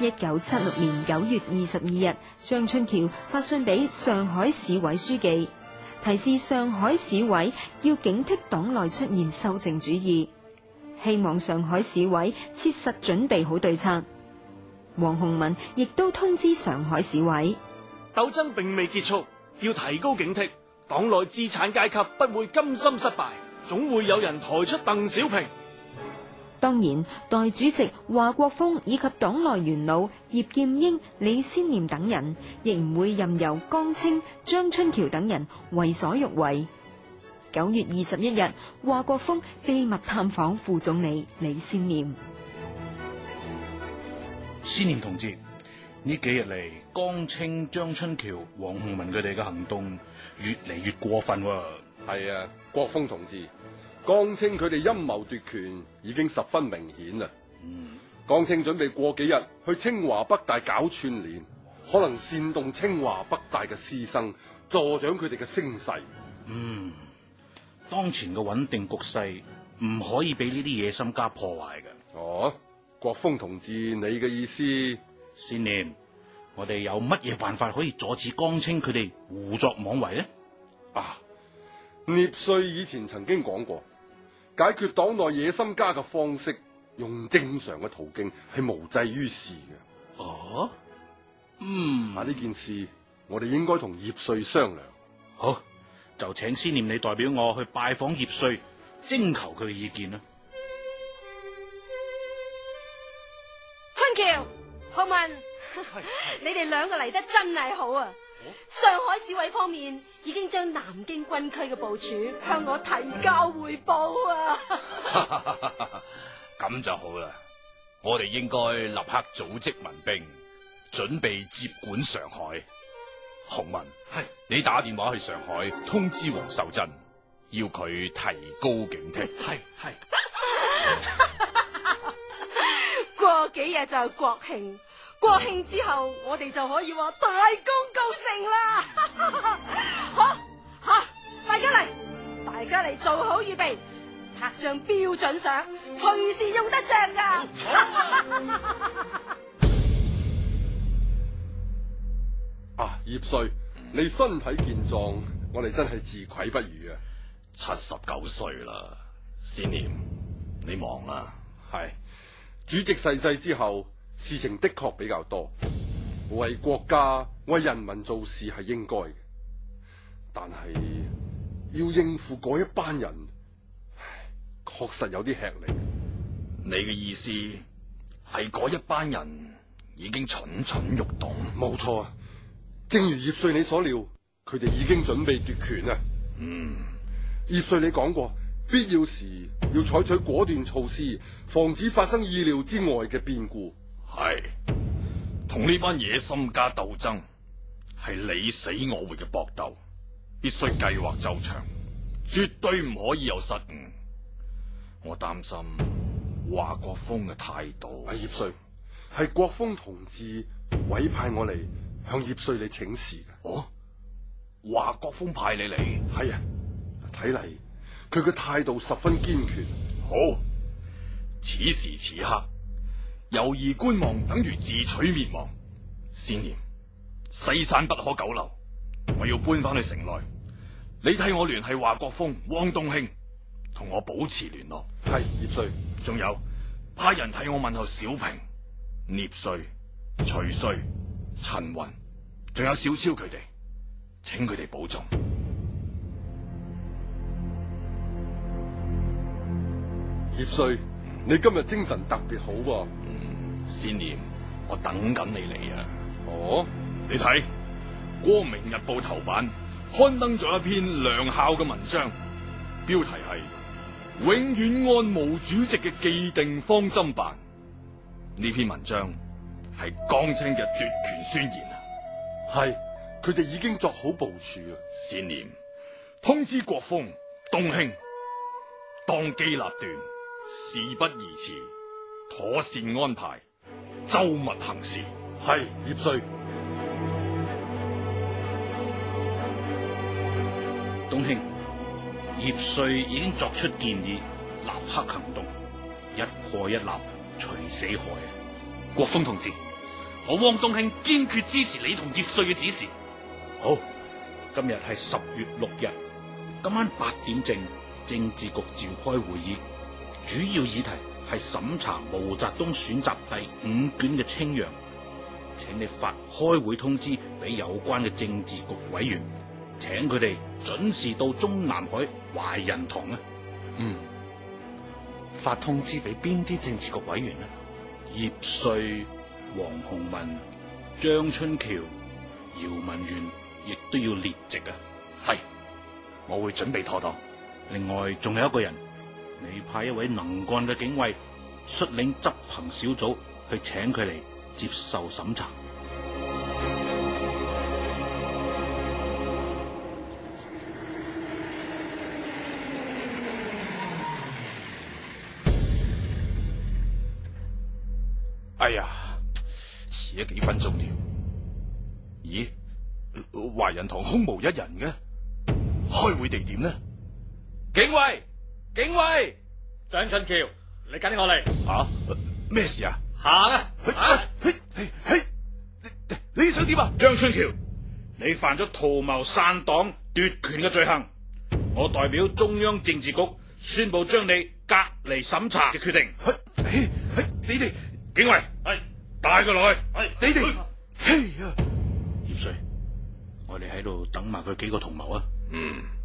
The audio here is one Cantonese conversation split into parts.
一九七六年九月二十二日，張春橋發信俾上海市委書記，提示上海市委要警惕黨內出現修正主義，希望上海市委切實準備好對策。王洪文亦都通知上海市委，鬥爭並未結束，要提高警惕，黨內資產階級不會甘心失敗，總會有人抬出鄧小平。當然，代主席華國鋒以及黨內元老葉劍英、李先念等人，亦唔會任由江青、張春橋等人為所欲為。九月二十一日，華國鋒秘密探訪副總理李先念。先念同志，呢幾日嚟江青、張春橋、王洪文佢哋嘅行動越嚟越過分喎啊。係啊，國鋒同志。江青佢哋陰謀奪權已經十分明顯啦。嗯、江青準備過幾日去清華北大搞串聯，可能煽動清華北大嘅師生助長佢哋嘅聲勢。嗯，當前嘅穩定局勢唔可以俾呢啲野心家破壞嘅。哦，國鋒同志，你嘅意思，先念，我哋有乜嘢辦法可以阻止江青佢哋胡作妄為呢？啊，聶帥以前曾經講過。解決黨內野心家嘅方式，用正常嘅途徑係無濟於事嘅。哦，嗯，啊，呢件事我哋應該同葉帥商量。好，就請先念你代表我去拜訪葉帥，徵求佢嘅意見啦。春橋，洪是文，你哋兩個嚟得真係好啊！上海市委方面已經將南京軍區嘅部署向我提交匯報啊！咁 就好啦，我哋應該立刻組織民兵，準備接管上海。洪文，係是你打電話去上海通知王秀珍，要佢提高警惕。係係， 過幾日就係國慶。國慶之後，我哋就可以話大功告成啦！哈， 哈，大家嚟，大家嚟做好預備，拍張標準相，隨時用得着噶。 啊，葉帥，你身體健壯，我哋真係自愧不如啊！七十九歲啦，先念，你忙啦。係主席逝世之後。事情的確比較多，為國家為人民做事係應該嘅，但係要應付嗰一班人，唉，確實有啲吃力。你嘅意思係嗰一班人已經蠢蠢欲動？冇錯，正如葉帥你所料，佢哋已經準備奪權啦。嗯，葉帥你講過，必要時要採取果斷措施，防止發生意料之外嘅變故。係同呢班野心家鬥爭，係你死我活嘅搏鬥，必須計劃周詳，絕對唔可以有失誤。我擔心華國鋒嘅態度。阿、啊、葉帥，係國鋒同志委派我嚟向葉帥你請示嘅。哦，華國鋒派你嚟？係啊，睇嚟佢嘅態度十分堅決。嗯。好，此時此刻。猶豫觀望等於自取滅亡。先念：「西山不可久留，我要搬翻去城內。你替我聯繫華國鋒、汪東興，同我保持聯絡。係葉帥，仲有派人替我問候小平、聶帥、徐帥、陳雲，仲有小超佢哋，請佢哋保重。葉帥。你今日精神特別好，啊，噃、嗯，先念，我等緊你嚟啊！哦，你睇《光明日報》頭版刊登咗一篇梁效嘅文章，標題係《永遠按毛主席嘅既定方針辦》。呢篇文章係江青嘅奪權宣言啊！係，佢哋已經作好部署啊！先念，通知國鋒、東興，當機立斷。事不宜遲，妥善安排，周密行事。係葉帥，東興，葉帥已經作出建議，立刻行動，一破一立，除死害啊！國鋒同志，我汪東興堅決支持你同葉帥嘅指示。好，今日係十月六日，今晚八點正，政治局召開會議。主要議題係審查毛澤東選集第五卷嘅《清樣》，請你發開會通知俾有關嘅政治局委員，請佢哋準時到中南海懷仁堂啊！嗯，發通知俾邊啲政治局委員啊？葉帥、王洪文、張春橋、姚文元亦都要列席啊！係，我會準備妥當。另外，仲有一個人。你派一位能幹嘅警衛率領執行小組去請佢嚟接受審查。哎呀，遲咗幾分鐘添！咦，懷仁堂空無一人嘅，開會地點呢？警衛。警衛！張春橋，你跟啲我嚟。吓？咩事啊？行啊！啊！你你想點啊？張春橋，你犯咗圖謀散黨奪權嘅罪行，我代表中央政治局宣布將你隔離審查嘅決定。你哋警衛係帶佢落去。係你哋。嘿呀，葉帥，我哋喺度等埋佢幾個同謀啊。嗯。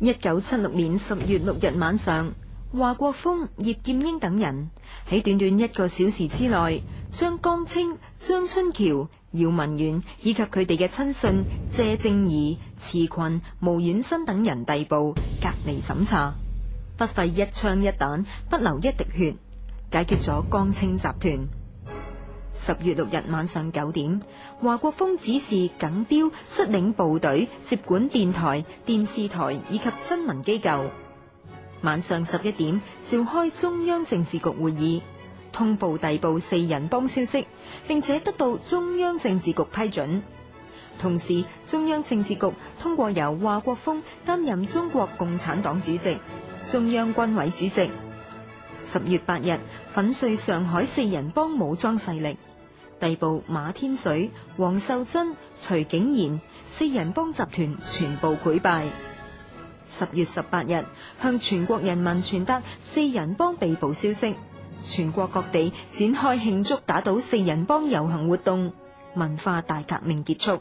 一九七六年十月六日晚上，華國鋒、葉劍英等人喺短短一個小時之內，將江青、張春橋、姚文元以及佢哋嘅親信謝靜宜、遲群、毛遠新等人逮捕隔離審查，不費一槍一彈，不流一滴血，解決咗江青集團。十月六日晚上九點，華國鋒指示耿飚率領部隊接管電台、電視台以及新聞機構。晚上十一點，召開中央政治局會議，通報逮捕四人幫消息，並且得到中央政治局批准。同時，中央政治局通過由華國鋒擔任中國共產黨主席、中央軍委主席。十月八日，粉碎上海四人幫武裝勢力，逮捕馬天水、王秀珍、徐景賢，四人幫集團全部潰敗。十月十八日，向全國人民傳達四人幫被捕消息，全國各地展開慶祝打倒四人幫遊行活動，文化大革命結束。